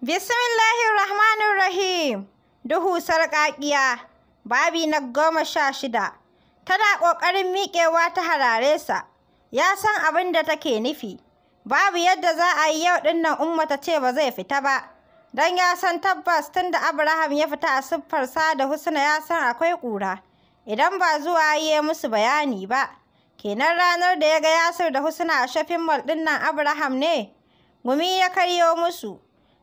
Bismillahirrahmanirrahim. Duhu sarƙaƙiya, babi na goma sha shida. Tana ƙoƙarin miƙewa ta harare sa, ya san abin da take nufi. Babu yadda za a yi yau ɗin nan Umma ta ce ba zai fita ba, don ya san tabbas tun da Abraham ya fita a siffarsa da Husna ya san akwai ƙura. Idan ba zuwa ya musu bayani ba, kenan ranar da ya ga Yasir da Husna a shafin mall ɗin nan Abraham ne, gumi ya karyo musu.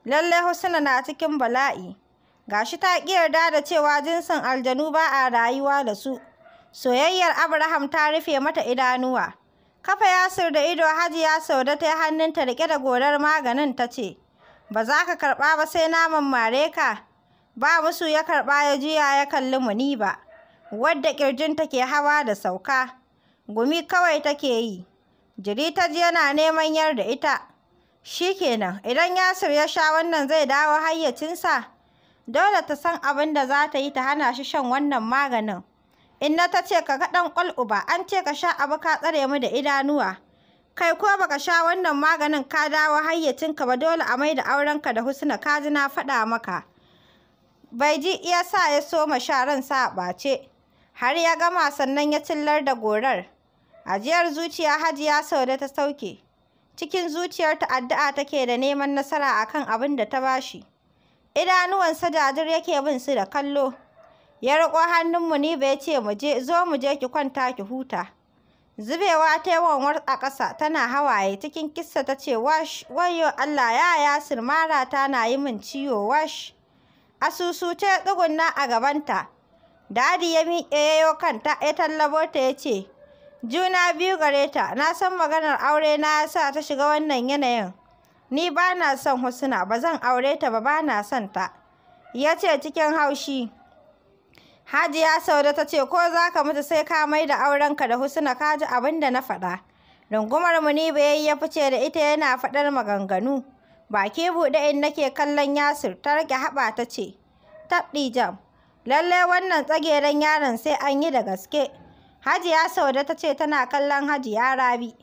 lallai Husna na cikin bala'i. Gashi ta ƙi yarda da cewa jinsin aljanu ba a rayuwa da su. Soyayyar Abraham ta rufe mata idanuwa. Kafa Yasir da ido haji ya sauda ta yi hannunta riƙe da gorar maganin ta ce, Ba za ka karɓa ba sai naman mare ka. Ba musu ya karɓa ya juya ya kalli ni ba, wadda kirjin take hawa da sauka. Gumi kawai take yi. Jiri ta ji yana neman 'yar da ita. Shi kenan, idan Yasir ya sha wannan zai dawo hayyacinsa? Dole ta san abin da za ta yi ta hana shi shan wannan maganin. Inna ta ce ka ga ɗan ƙwalƙuba, an ce ka sha abu ka tsare mu da idanuwa. Kai ko baka sha wannan maganin ka dawo hayyacinka ba dole a mai da aurenka da Husna ka ji na faɗa maka. Bai ji iya sa ya soma sha ran sa ɓace. Har ya gama sannan ya cillar da gorar. Ajiyar zuciya Hajiya Saude ta sauke. cikin zuciyarta addu'a take da neman nasara a kan abin da ta bashi idanuwansa jajir yake bin su da kallo ya riko hannun ni ya ce mu je zo mu je ki kwanta ki huta zubewa ta yi wanwar a ƙasa tana hawaye cikin kissa ta ce wash wayo Allah ya yasir mara ta na yi min ciwo wash asusu ta tsugunna a gabanta dadi ya miƙe yayo kanta ya tallabo ta ya ce Juna biyu gare ta, na san maganar aure na ya sa ta shiga wannan yanayin. Ni ba na son Husna, ba zan aure ta ba, ba na son ta. Ya ce cikin haushi. Hajiya Saude ta ce, ko za ka mutu sai ka mai da aurenka da Husna ka ji abin da na faɗa. Rungumar mu ni yayi ya fice da ita yana faɗar maganganu. Baki buɗe in nake kallon Yasir, ta rage haɓa ta ce, Taɗi jam, lallai wannan tsageren yaron sai an yi da gaske. Hajiya Saude ta ce tana kallon Hajiya Rabi.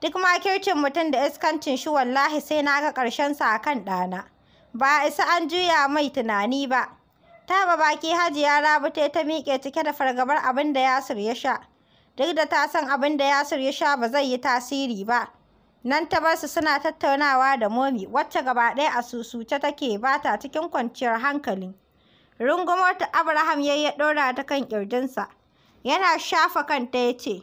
Duk ma makircin mutum da iskancin shi wallahi sai na ga ƙarshensa a kan ɗana. Ba isa an juya mai tunani ba. Ta ba baki Hajiya Rabi ta ta miƙe cike da fargabar abin da Yasir ya sha. Duk da ta san abin da Yasir ya sha ba zai yi tasiri ba. Nan ta bar su suna tattaunawa da momi wacce gaba ɗaya a susuce take ba ta cikin kwanciyar hankali. Rungumar ta Abraham ya yi ɗora ta kan ƙirjinsa. yana shafa kanta ya ce,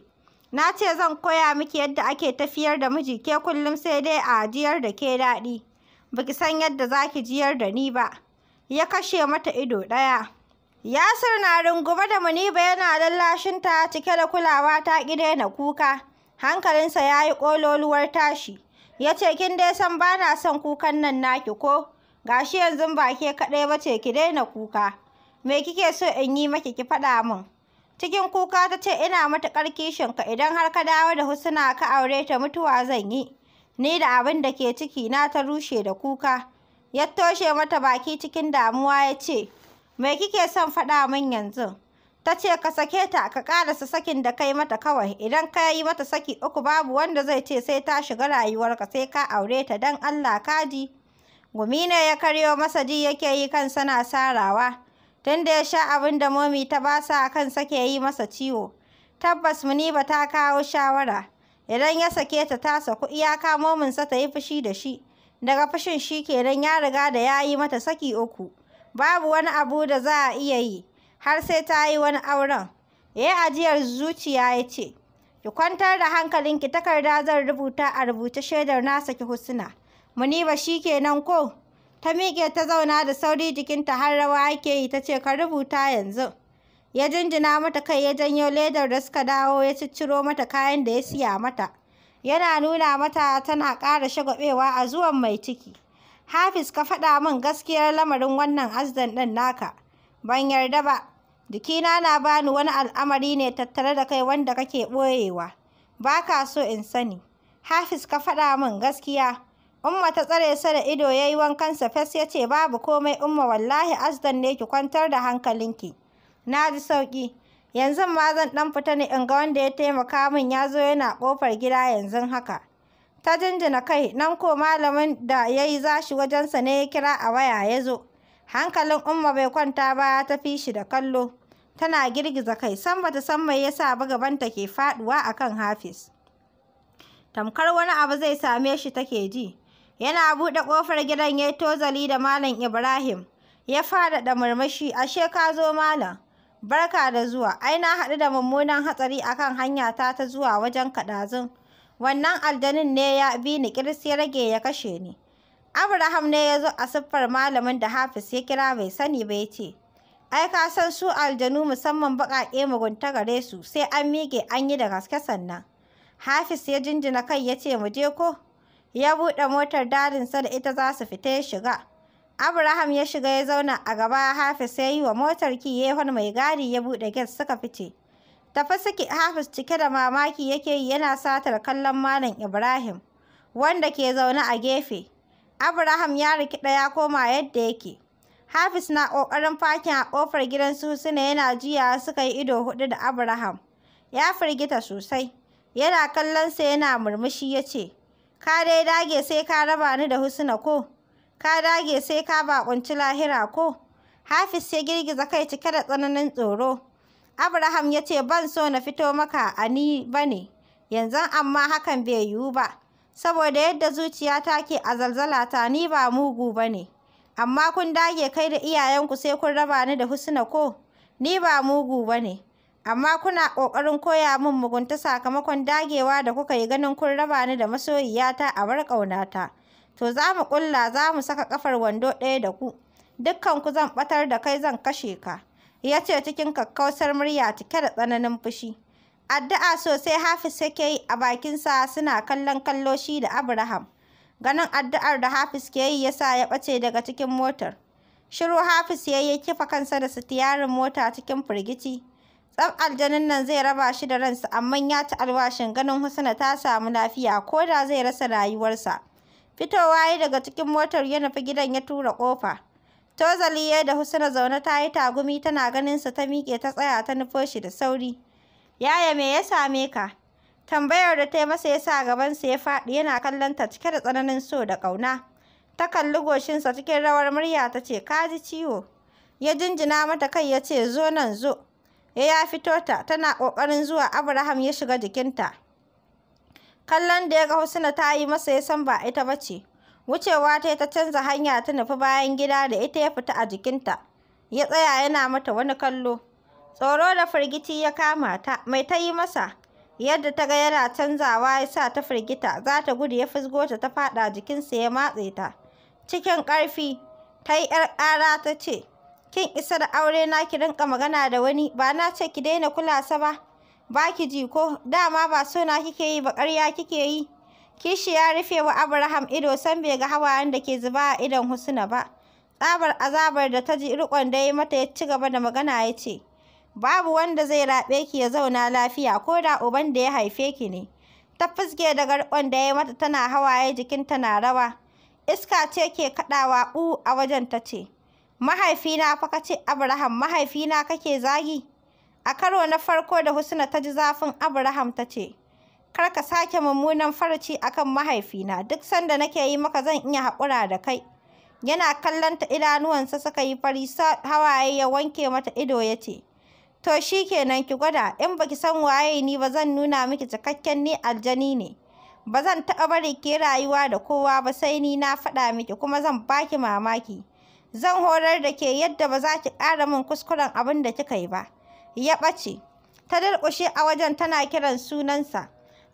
Na ce zan koya miki yadda ake tafiyar da miji ke kullum sai dai a jiyar da ke daɗi, ba ki san yadda za ki jiyar da ni ba. Ya kashe mata ido ɗaya. Yasir na rungume da Muniba yana lallashin ta. cike da kulawa ta ƙi daina kuka. Hankalinsa ya yi ƙololuwar tashi. Ya ce, Kin dai san ba na son kukan nan naki ko? Gashi yanzu ba ke kaɗai ba ce ki daina kuka. Me kike so in yi maki ki faɗa min? Cikin kuka ta ce ina matuƙar ka idan har ka dawo da Husna ka aure ta mutuwa zan yi. Ni da abin da ke ciki na ta rushe da kuka. Ya toshe mata baki cikin damuwa ya ce, Me kike son faɗa min yanzu? Ta ce ka sake ta ka ƙarasa sakin da kai mata kawai idan ka yi mata saki uku babu wanda zai ce sai ta shiga rayuwarka sai ka aure ta don Allah kaji. Gumi ne ya karyo masa ji yake yi kansa na sarawa. tun da ya sha abin da momi ta basa a kan sake yi masa ciwo. Tabbas Muniba ta kawo shawara, idan ya sake ta ta saku iyaka mominsa ta yi fushi da shi, daga fushin shi kenan ya riga da ya yi mata saki uku, babu wani abu da za a iya yi, har sai ta yi wani auren. Ya ajiyar zuciya ya ce, ki kwantar da hankalinki takarda zan rubuta a rubuce shaidar nasa ki Husna. Muniba shi kenan ko? ta miƙe ta zauna da sauri jikinta har rawa ake yi ta ce ka rubuta yanzu ya jinjina mata kai ya janyo ledar da suka dawo ya cicciro mata kayan da ya siya mata yana nuna mata tana ƙara shagwabewa a zuwan mai ciki hafiz ka faɗa min gaskiyar lamarin wannan azdan ɗin naka ban yarda ba jikina na bani wani al'amari ne tattare da kai wanda kake ɓoyewa ba ka so in sani hafiz ka faɗa min gaskiya Umma ta tsare sa da ido ya yi wankansa fes ya ce babu komai Umma wallahi azdan ne ki kwantar da hankalinki. Na ji sauƙi. Yanzu ma zan ɗan fita ne in ga wanda ya taimaka min ya zo yana ƙofar gida yanzu haka. Ta jinjina kai nan ko malamin da ya yi zashi wajensa ne ya kira a waya ya zo. Hankalin Umma bai kwanta ba ya tafi shi da kallo. Tana girgiza kai san bata san mai yasa ba ta ke faɗuwa akan Hafiz. Tamkar wani abu zai same shi take ji. Yana buɗe ƙofar gidan ya tozali da Malam Ibrahim. Ya faɗaɗa murmushi, ashe ka zo Malam. Barka da zuwa, ai na haɗu da mummunan hatsari akan hanya ta ta zuwa wajen kaɗazun. Wannan aljanin ne ya bi ni kirsi rage ya kashe ni. Abraham ne ya zo a siffar malamin da Hafis ya kira bai sani ba ya ce, Ai ka san su aljanu musamman baƙaƙe mugunta gare su sai an miƙe an yi da gaske sannan. Hafis ya jinjina kai ya ce mu je ko? ya buɗe motar dadinsa da ita za su fita ya shiga. Abraham ya shiga ya zauna a gaba Hafiz ya yi wa motar ki yehon mai gadi ya buɗe gas suka fice. Tafi suke Hafiz cike da mamaki yake yi yana satar kallon Malam Ibrahim wanda ke zaune a gefe. Abraham ya riki ya koma yadda yake. Hafiz na ƙoƙarin fakin a ƙofar gidan su suna yana jiya suka yi ido hudu da Abraham. Ya firgita sosai. Yana kallon sa yana murmushi ya ce, ka dai dage sai ka raba ni da husna ko ka dage sai ka bakunci lahira ko hafiz ya girgiza kai cike da tsananin tsoro abraham ya ce ban so na fito maka a ni ba ne, yanzu amma hakan bai yiwu ba saboda yadda zuciya ta ke a zalzalata ni ba mugu ba ne. amma kun dage kai da iyayenku sai kun raba ni da husna ko ni ba mugu ba ne. amma kuna ƙoƙarin koya min mugunta sakamakon dagewa da kuka yi ganin kun raba ni da masoyiyata a bar ƙaunata. To za mu ƙulla za mu saka ƙafar wando ɗaya da ku, dukkanku zan ɓatar da kai zan kashe ka, ya ce cikin kakkausar murya cike da tsananin fushi. Addu'a sosai Hafiz yake yi a bakinsa suna kallon kallo shi da Abraham. Ganin addu'ar da Hafiz ke yi ya sa ya ɓace daga cikin motar. Shiru Hafiz ya yi kifa kansa da sitiyarin mota cikin firgici. tsab aljanin nan zai raba shi da ransa amma ya ci alwashin ganin Husna ta samu lafiya ko da zai rasa rayuwarsa. Fitowa ya daga cikin motar ya nufi gidan ya tura kofa? Tozali ya da Husna zaune ta yi tagumi tana ganin sa ta miƙe ta tsaya ta nufo shi da sauri. Yaya me ya same ka? Tambayar da ta yi masa ya sa gabansa ya faɗi yana kallon ta cike da tsananin so da ƙauna. Ta kalli goshinsa cikin rawar murya ta ce ka ji ciwo. Ya jinjina mata kai ya ce zo nan zo. Eh, ya fito ta tana ƙoƙarin zuwa Abraham ya shiga jikinta. Kallon da ya ga Husna ta yi masa ya san ba ita ba ce. Wucewa ta ta canza hanya ta nufi bayan gida da ita ya fita a jikinta. Ya tsaya yana mata wani kallo. Tsoro da firgiti ya kama ta, mai ta yi masa. Yadda ta ga yana canzawa ya sa ta firgita, za ta gudu ya fusgo ta ta faɗa jikinsa ya matse ta. Cikin ƙarfi, ta yi ‘yar ƙara ta ce, kin isa da aure na ki rinka magana da wani ba na ce ki daina kula sa ba ba ki ji ko dama ba so na kike yi ba ƙarya kike yi kishi ya rufe wa Abraham ido san bai ga hawayen da ke zuba a idon Husna ba tsabar azabar da ta ji rikon da ya mata ya ci gaba da magana ya ce babu wanda zai raɓe ki ya zauna lafiya ko da uban da ya haife ki ne ta fuske daga riƙon da ya mata tana hawaye jikinta na rawa iska ce ke kaɗawa u a wajen ta ce mahaifina fa kace Abraham mahaifina kake zagi a karo na farko da Husna ta ji zafin Abraham ta ce kar ka sake mummunan farci akan mahaifina duk sanda nake yi maka zan iya haƙura da kai yana kallon ta idanuwansa suka yi fari hawaye ya wanke mata ido ya ce to shi kenan ki gwada in baki san waye ni ba zan nuna miki cikakken ni aljani ne ba zan taɓa bari ke rayuwa da kowa ba sai ni na faɗa miki kuma zan baki mamaki zan horar da ke yadda ba za ki ƙara min kuskuren abin da kika yi ba ya ɓace ta durƙushe a wajen tana kiran sunansa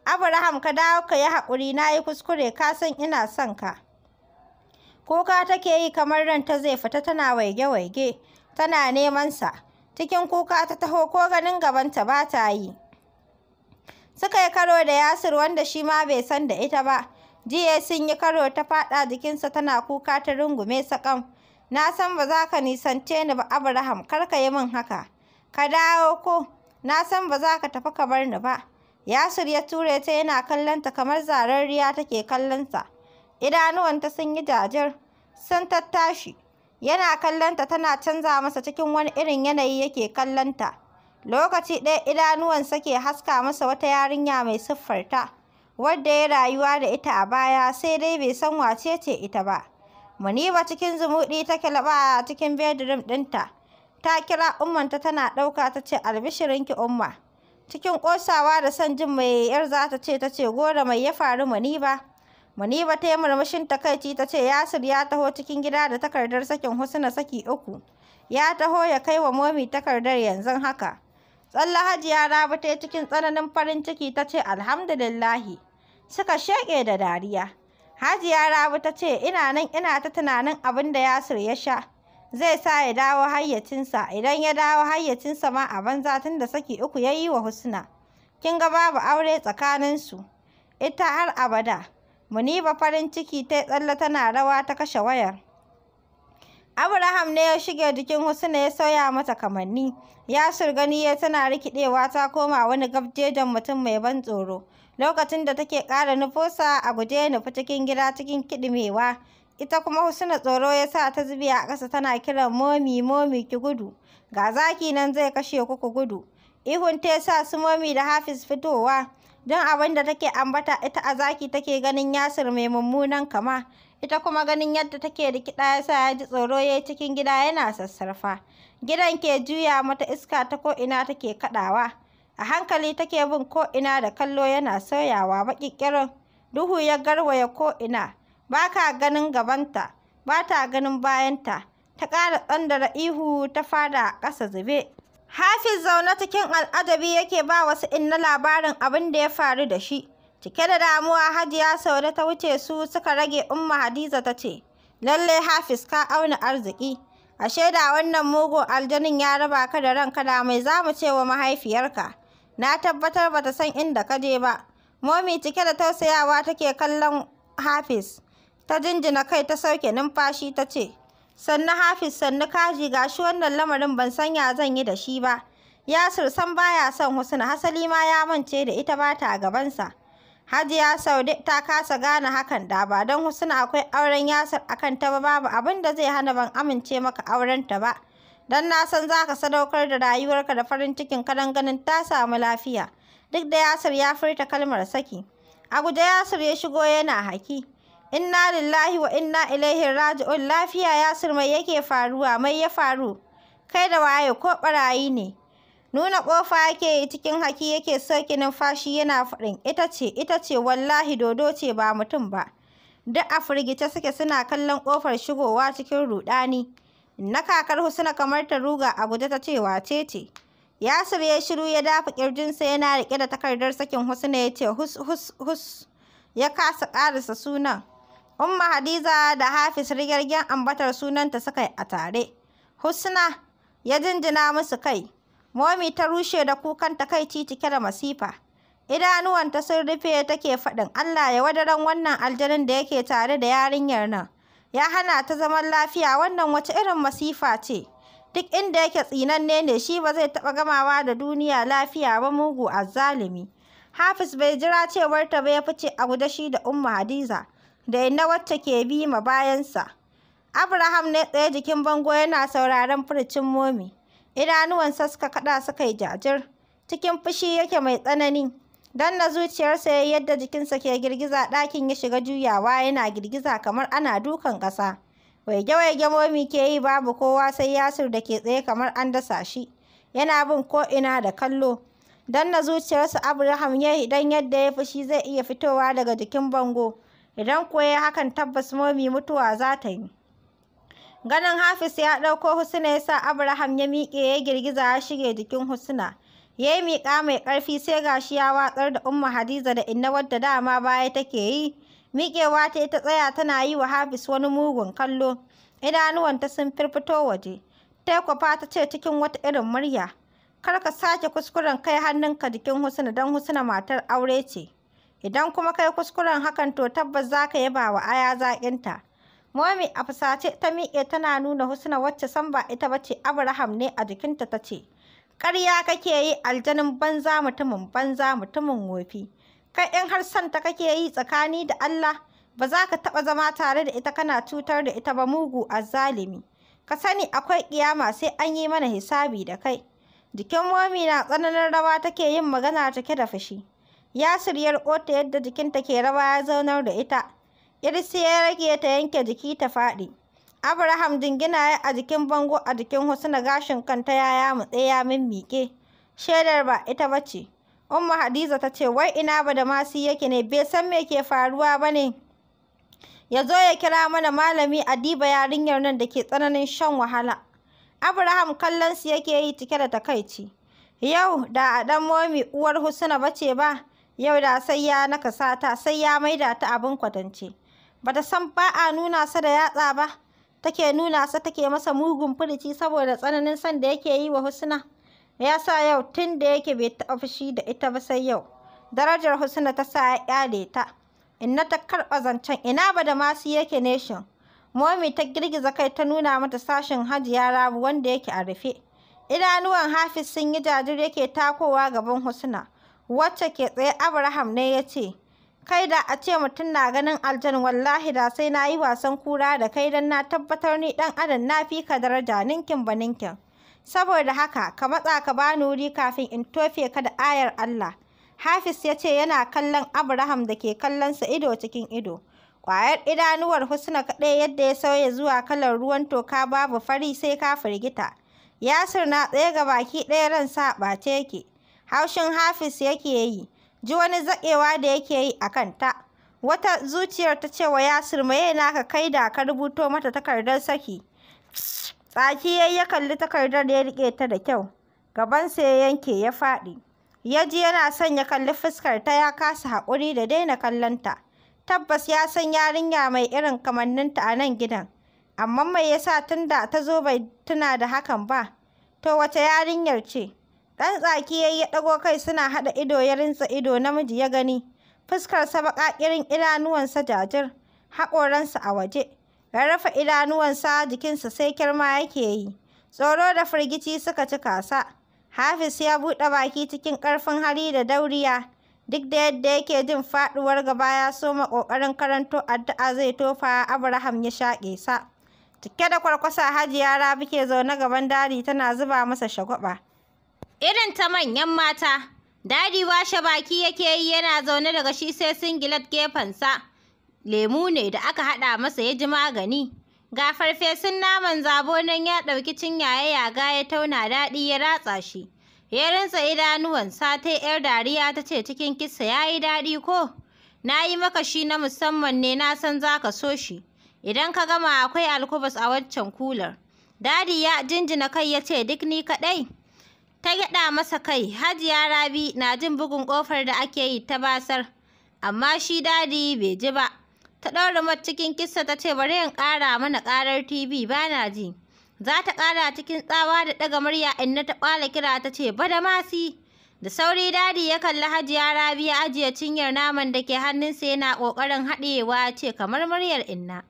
abraham ka dawo ka yi haƙuri na yi kuskure ka san ina son ka kuka take yi kamar ranta zai fita tana waige-waige tana neman sa cikin kuka ta taho ko ganin gabanta ba ta yi suka yi karo da yasir wanda shi ma bai san da ita ba jiya sun yi karo ta faɗa jikinsa tana kuka ta rungume sakam na san ba za ka nisance ni ba Abraham kar ka yi min haka ka dawo ko na san ba za ka tafi ka bar ni ba Yasir ya ture ta yana kallonta kamar zararriya take kallonsa idanuwanta sun yi jajir sun tattashi yana kallonta tana canza masa cikin wani irin yanayi yake kallonta lokaci ɗaya idanuwansa ke haska masa wata yarinya mai siffarta wadda ya rayuwa da ita a baya sai dai bai san wace ce ita ba Muniba cikin zumuɗi ta kilaba a cikin bedroom ɗinta. Ta kira ummanta tana ɗauka ta ce albishirinki umma. Cikin ƙosawa da son jin mai yar za ta ce ta ce gora mai ya faru Muniba. Muniba ta yi murmushin takaici ta ce Yasir ya taho cikin gida da takardar sakin Husna saki uku. Ya taho ya kai wa momi takardar yanzu haka. Tsalla ya rabu ta cikin tsananin farin ciki ta ce alhamdulillahi. Suka sheƙe da dariya. Hajiya Rabi ta ce, ina nan ina ta tunanin abin da Yasir ya sha. Zai sa ya dawo hayyacinsa, idan ya dawo hayyacinsa ma a banza tun da saki uku ya yi wa Husna. Kin ga babu aure tsakaninsu, ita har abada. Muniba farin ciki ta tsalle tana rawa ta kashe wayar. Abraham ne ya shige jikin Husna ya sauya mata kamanni. Yasir gani ya tana rikidewa ta koma wani gabjejan mutum mai ban tsoro. lokacin da take ƙara nufosa a guje ya nufi cikin gida cikin kiɗimewa ita kuma husna tsoro ya sa ta zubi a ƙasa tana kiran momi momi ki gudu ga zaki nan zai kashe ku ku gudu ihun ta sa su momi da hafiz fitowa don abin da take ambata ita a zaki take ganin yasir mai mummunan kama ita kuma ganin yadda take rikida ya sa ya ji tsoro ya cikin gida yana sassarfa gidan ke juya mata iska ta ko ina take kaɗawa a hankali take bin ko'ina da kallo yana sauyawa baƙiƙirin duhu ya garwaya ko'ina ba ka ganin gabanta ba ta ganin bayanta ta ƙara tsandara ihu ta fada ƙasa zube hafiz zaune cikin al'ajabi yake ba wasu inna labarin abin da ya faru da shi cike da damuwa hajiya saude ta wuce su suka rage umma hadiza ta ce lallai hafiz ka auna arziki ashe da wannan mugun aljanin ya raba ka da ranka da mai zamu ce wa mahaifiyarka na tabbatar bata san inda ka je ba momi cike da tausayawa take kallon hafiz ta jinjina kai ta sauke numfashi ta ce sannu hafiz sannu kaji gashi wannan lamarin ban san ya zan yi da shi ba yasir san baya son husna hasali ma ya mance da ita ba ta gabansa hajiya saude ta kasa gane hakan da ba don husna akwai auren yasir akan ta ba babu abin da zai hana ban amince maka aurenta ba don na san za ka sadaukar da rayuwarka da farin cikin kadan ganin ta samu lafiya. Duk da Yasir ya furta kalmar saki. A guje Yasir ya shigo yana haki. Inna lillahi wa inna ilaihi raji'un lafiya Yasir mai yake faruwa mai ya faru. Kai da waye ko barayi ne. Nuna kofa yake yi cikin haki yake soke numfashi yana faɗin ita ce ita ce wallahi dodo ce ba mutum ba. Duk a firgice suke suna kallon kofar shigowa cikin ruɗani. na kakar Husna kamar ta ruga a guje ta ce wace ce. Yasir ya shiru ya dafa kirjinsa yana rike da takardar sakin Husna ya ce hus hus hus ya kasa karisa sunan. Umma Hadiza da Hafiz rigargen ambatar sunanta suka yi a tare. Husna ya jinjina musu kai. Momi ta rushe da kukan takaici cike da masifa. Idanuwanta sun rufe take faɗin Allah ya wadaran wannan aljanin da yake tare da yarinyar nan. ya hana ta zaman lafiya wannan wace irin masifa ce duk inda yake tsinanne ne shi ba zai taɓa gamawa da duniya lafiya ba mugu a azzalumi hafiz bai jira cewar ta bai fice a guda shi da umma hadiza da inna wacce ke bi ma bayansa abraham ne tsaye jikin bango yana sauraren furcin momi idanuwansa suka kada suka yi jajir cikin fushi yake mai tsanani danna zuciyarsa ya yadda jikinsa ke girgiza ɗakin ya shiga juyawa yana girgiza kamar ana dukan ƙasa waige-waige momi ke yi babu kowa sai yasir da ke tsaye kamar an dasa shi yana bin ko ina da kallo danna zuciyarsa abraham ya idan yadda ya fushi zai iya fitowa daga jikin bango idan kuwa ya hakan tabbas momi mutuwa za ta yi ganin hafiz ya ɗauko husna ya sa abraham ya miƙe ya girgiza ya shige jikin husna ya yi miƙa mai ƙarfi sai gashi ya watsar da umma hadiza da inna wadda dama baya take yi miƙewa ta ta tsaya tana yi wa hafiz wani mugun kallo idanuwanta sun firfito waje taikwafa ta ce cikin wata irin murya kar ka sake kuskuren kai hannunka jikin husna don husna matar aure ce idan kuma kai kuskuren hakan to tabbas za ka yaba wa aya zaƙinta momi a fusace ta miƙe tana nuna husna wacce san ba ita ba ce abraham ne a jikinta ta ce ƙarya kake yi aljanin banza mutumin banza mutumin wofi kai in har santa kake yi tsakani da Allah ba za ka taɓa zama tare da ita kana cutar da ita ba mugu a zalimi ka sani akwai ƙiyama sai an yi mana hisabi da kai jikin momi na tsananin rawa take yin magana take da fushi Ya siryar ƙota yadda jikinta ke rawa ya zaunar da ita sai ya rage ta yanke jiki ta faɗi Abraham jingina a jikin bango a jikin Husna gashin kanta ya mutse ya mimmike. Shaidar ba ita ba ce. Umma Hadiza ta ce wai ina ba da masi yake ne bai san me ke faruwa ba Ya zo ya kira mana malami Adiba yarinyar nan da ke tsananin shan wahala. Abraham kallon su yake yi cike da takaici. Yau da a ɗan momi uwar Husna bace ba, yau da sai ya naka sata sai ya maida ta abin kwatance. Bata san ba a nuna sa da yatsa ba. take nuna sa take masa mugun furici saboda tsananin son da yake yi wa Husna. Ya sa yau tun da yake bai taɓa fushi da ita ba sai yau. Darajar Husna ta sa ya ƙyale ta. Inna ta karɓa zancen ina ba da masu yake neshin. Momi ta girgiza kai ta nuna mata sashin ya Rabu wanda yake a rufe. Idanuwan Hafiz sun yi jajir yake takowa gaban Husna. Wacce ke tsaye Abraham ne ya ce, kai da a ce mutum na ganin aljan wallahi da sai na yi wasan kura da kai don na tabbatar ni dan adam na fi ka daraja ninkin ba ninkin saboda haka ka matsa ka bani wuri kafin in tofe ka da ayar Allah Hafiz ya ce yana kallon Abraham da ke kallon sa ido cikin ido ƙwayar idanuwar Husna kaɗai yadda ya sauya zuwa kalar ruwan toka babu fari sai ka firgita Yasir na tsaye ga baki ɗaya ran sa ɓace yake haushin Hafiz yake yi ji wani zaƙewa da yake yi a kanta. Wata zuciyar ta cewa ya Yasir maye ka kai da ka rubuto mata takardar saki. Tsaki ya ya kalli takardar da ya riƙe ta da kyau. Gaban Gabansa ya yanke ya faɗi. Ya ji yana son ya kalli fuskar ta ya kasa haƙuri da daina kallon ta. Tabbas ya san yarinya mai irin kamanninta a nan gidan. Amma mai yasa tunda ta zo bai tuna da hakan ba. To wace yarinyar ce? Ɗan tsaki ya yi ya ɗago kai suna haɗa ido ya rintsa ido namiji ya gani. Fuskarsa baƙa irin idanuwansa jajir, haƙoransa a waje. Ya rufe idanuwansa jikinsa sai kirma yake yi. Tsoro da firgici suka ci kasa. Hafiz ya buɗe baki cikin ƙarfin hali da dauriya. Duk da yadda yake jin faɗuwar gaba ya soma ƙoƙarin karanto addu'a zai tofa Abraham ya shaƙe sa. Cike da kwarkwasa Hajiya Rabi ke zaune gaban dari tana zuba masa shagwaba irin ta manyan mata. Dadi washe baki yake yi yana zaune daga shi sai singilat gefensa. Lemu ne da aka haɗa masa ya ji magani. Ga farfesun naman zabo nan ya ɗauki cinya ya yaga ya tauna daɗi ya ratsa shi. Ya rinsa idanuwansa ta ‘yar dariya ta ce cikin kisa ya yi daɗi ko? Na yi maka shi na musamman ne na san za ka so shi. Idan ka gama akwai alkubus a waccan kular. Dadi ya jinjina kai ya ce duk ni kaɗai. ta gyaɗa masa kai hajiya rabi na jin bugun ƙofar da ake yi ta basar amma shi dadi bai ji ba ta ɗaura mat cikin kissa ta ce bari in ƙara mana ƙarar tv ba na ji za ta ƙara cikin tsawa da ɗaga murya na ta ƙwala kira ta ce bada masi da sauri dadi ya kalli hajiya rabi ya ajiye cinyar naman da ke hannunsa yana ƙoƙarin haɗewa ce kamar muryar inna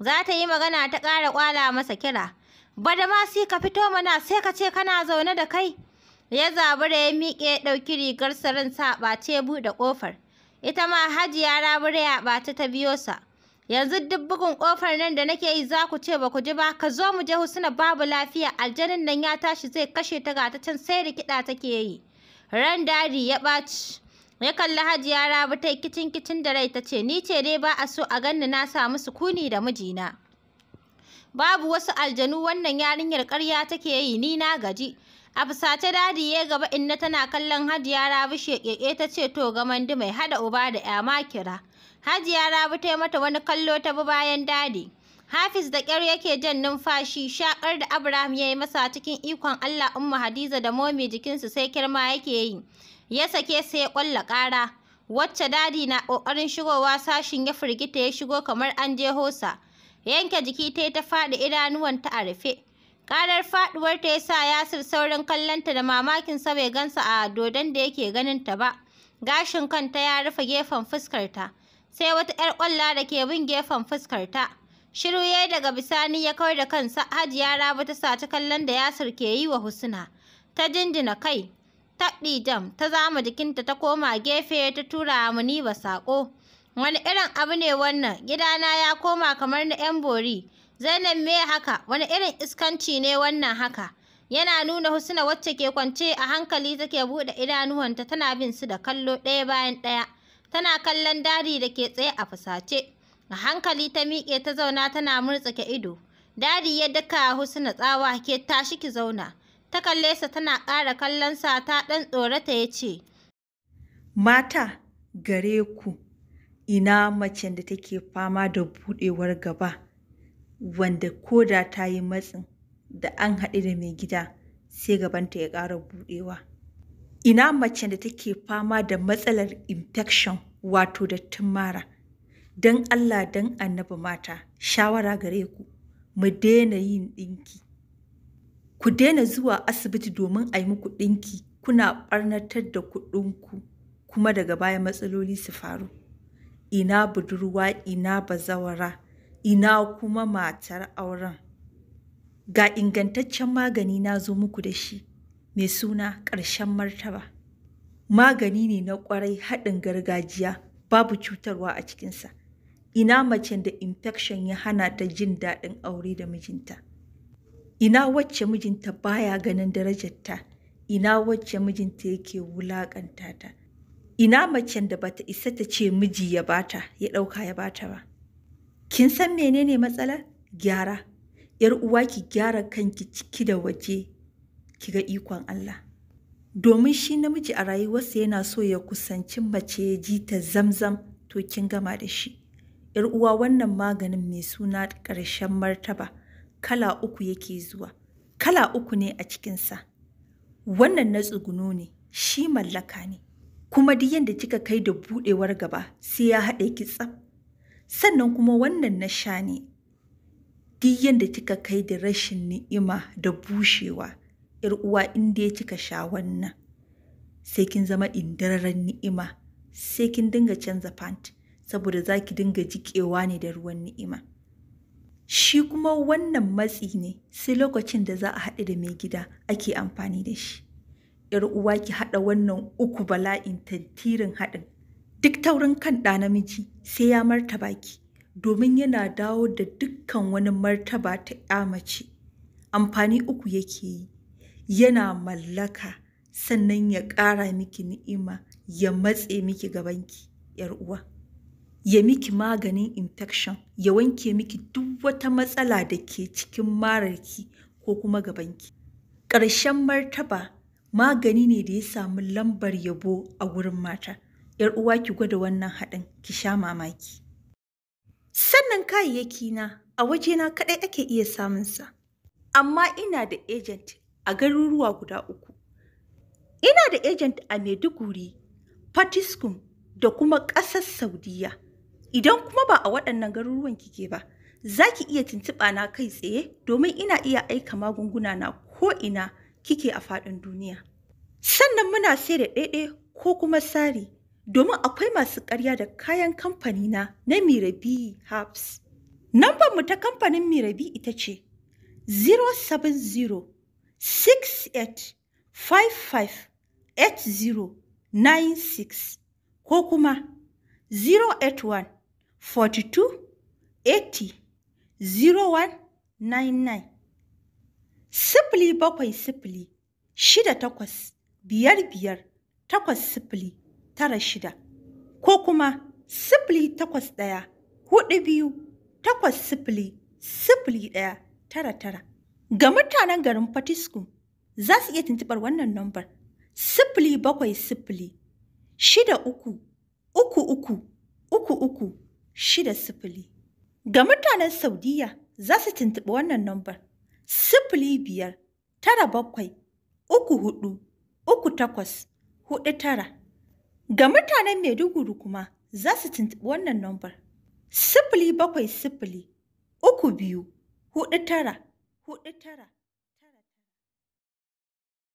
za ta yi magana ta ƙara ƙwala masa kira bada masi ka fito mana sai ka ce kana zaune da kai ya da ya miƙe ya ɗauki rigar sarin sa ɓace ya buɗe ƙofar ita ma hajiya rabura ya ɓata ta biyo sa yanzu duk bugun ƙofar nan da nake yi za ku ce ba ku ji ba ka zo mu je husna babu lafiya aljanin nan ya tashi zai kashe ta ga ta can sai rikida take yi ran dadi ya ɓaci ya kalli hajiya rabu ta kicin kicin da rai ta ce ni ce dai ba a so a ganni na samu sukuni da mijina babu wasu aljanu wannan yarinyar ƙarya take yi ni na gaji A fusace dadi ya gaba inna tana kallon Hajiya Rabi sheƙeƙe ta ce to ga mandi mai hada uba da ya ma kira. Hajiya Rabi ta yi mata wani kallo ta bi bayan dadi. Hafiz da ƙyar yake jan numfashi shakar da Abraham ya yi masa cikin ikon Allah Umma Hadiza da momi jikinsu sai kirma yake yi. Ya sake sai ya ƙwalla ƙara. Wacce dadi na ƙoƙarin shigowa sashin ya firgita ya shigo kamar an je hosa. Yanke jiki ta ta faɗi idanuwanta a rufe. Ƙarar faɗuwar ta yasa Yasir saurin kallonta da mamakin sa bai gansa a dodon da yake ganin ta ba. Gashin kanta ya rufe gefen fuskar ta, sai wata 'yar ƙwalla da ke bin gefen fuskarta. Shiru yayi daga bisani ya kawar da kansa, Hajiya Rabi ta saci kallon da Yasir ke yi wa Husna. Ta jinjina kai, taɓi jam, ta zama jikinta ta koma gefe ta tura muni ba saƙo. Wani irin abu ne wannan? Gidana ya koma kamar na 'yan bori. Zainab me haka? Wani irin iskanci ne wannan haka? Yana nuna Husna wacce ke kwance a hankali take buɗe idanuwanta tana bin su da kallo ɗaya bayan ɗaya. Tana kallon dadi da ke tsaye a fusace. A hankali ta miƙe ta zauna tana murtsake ido. Dadi ya daka Husna tsawa ke tashi ki zauna. Ta kalle sa tana ƙara kallon sa ta ɗan tsorata ya ce. Mata gare ku ina macen da take fama da buɗewar gaba. wanda koda da ta yi matsin da an haɗu da mai gida sai gabanta ya ƙara buɗewa. Ina mace da take fama da matsalar infection wato dattin mara. Don Allah don annaba mata shawara gare ku mu daina yin ɗinki. Ku daina zuwa asibiti domin a yi muku ɗinki kuna ɓarnatar da kuɗinku kuma daga baya matsaloli su faru. Ina budurwa ina bazawara. ina kuma matar auren ga ingantaccen magani na zo muku da shi mai suna ƙarshen martaba magani ne na ƙwarai haɗin gargajiya babu cutarwa a cikinsa ina mace da infection ya hana ta jin daɗin aure da mijinta ina wacce mijinta baya ganin darajarta ina wacce mijinta yake wulaƙanta ta ina macen da bata isa ta ce miji ya bata ya ɗauka ya bata ba kin san menene matsala? gyara yar uwa ki gyara kanki ciki da waje ki ga ikon Allah domin shi namiji a rayuwarsa yana so ya kusanci mace ya ji ta zamzam to kin gama da shi yar uwa wannan maganin mai suna ƙarshen martaba kala uku yake zuwa kala uku ne a cikinsa wannan na tsuguno ne shi mallaka ne kuma duk yadda kika kai da buɗewar gaba sai ya haɗe ki tsaf sannan kuma wannan na sha ne duk yadda kika kai da rashin ni'ima da bushewa ‘yar uwa in dai kika sha wannan sai kin zama indararren ni'ima sai kin dinga canza pant saboda za ki dinga jiƙewa ne da ruwan ni'ima shi kuma wannan matsi ne sai lokacin da za a haɗu da mai gida ake amfani da shi ‘yar uwa ki haɗa wannan uku bala'in tantirin haɗin duk taurin kan ɗa namiji sai ya martaba ki domin yana dawo da dukkan wani martaba ta ya mace amfani uku yake yi yana mallaka sannan ya ƙara miki ni'ima ya matse miki gabanki yar uwa ya miki maganin infection ya wanke miki duk wata matsala da ke cikin mararki ko kuma gabanki ƙarshen martaba magani ne da ya samu lambar yabo a wurin mata ‘yar uwa ki gwada wannan haɗin ki sha mamaki. Sannan kayayyaki na a wajena kaɗai ake iya samun sa, amma ina da agent a garuruwa guda uku. Ina da agent a Maiduguri, Fatiskum da kuma ƙasar Saudiya. Idan kuma ba a waɗannan garuruwan kike ba, za ki iya tuntuɓa na kai tsaye domin ina iya aika magunguna na ko ina kike a faɗin duniya. Sannan muna sai da ɗaiɗai ko kuma sari domin akwai masu karya da kayan kamfani na na Mirabi Herbs. Nambar mu ta kamfanin Mirabi ita ce 070 68 55 8096 ko kuma 081 42 80 0199 sifili bakwai sifili shida takwas biyar biyar takwas sifili tara shida ko kuma sifili takwas ɗaya hudu biyu takwas sifili sifili ɗaya tara tara. Ga mutanen garin Fatisku za su iya tuntuɓar wannan nambar sifili bakwai sifili shida uku uku uku uku uku shida sifili. Ga mutanen Saudiya za su tuntuɓi wannan nambar sifili biyar tara bakwai uku hudu uku takwas hudu tara. Ga mutanen Maiduguri kuma za su tuntuɓi wannan nambar. Sifili bakwai sifili, uku biyu, huɗu tara, huɗu tara.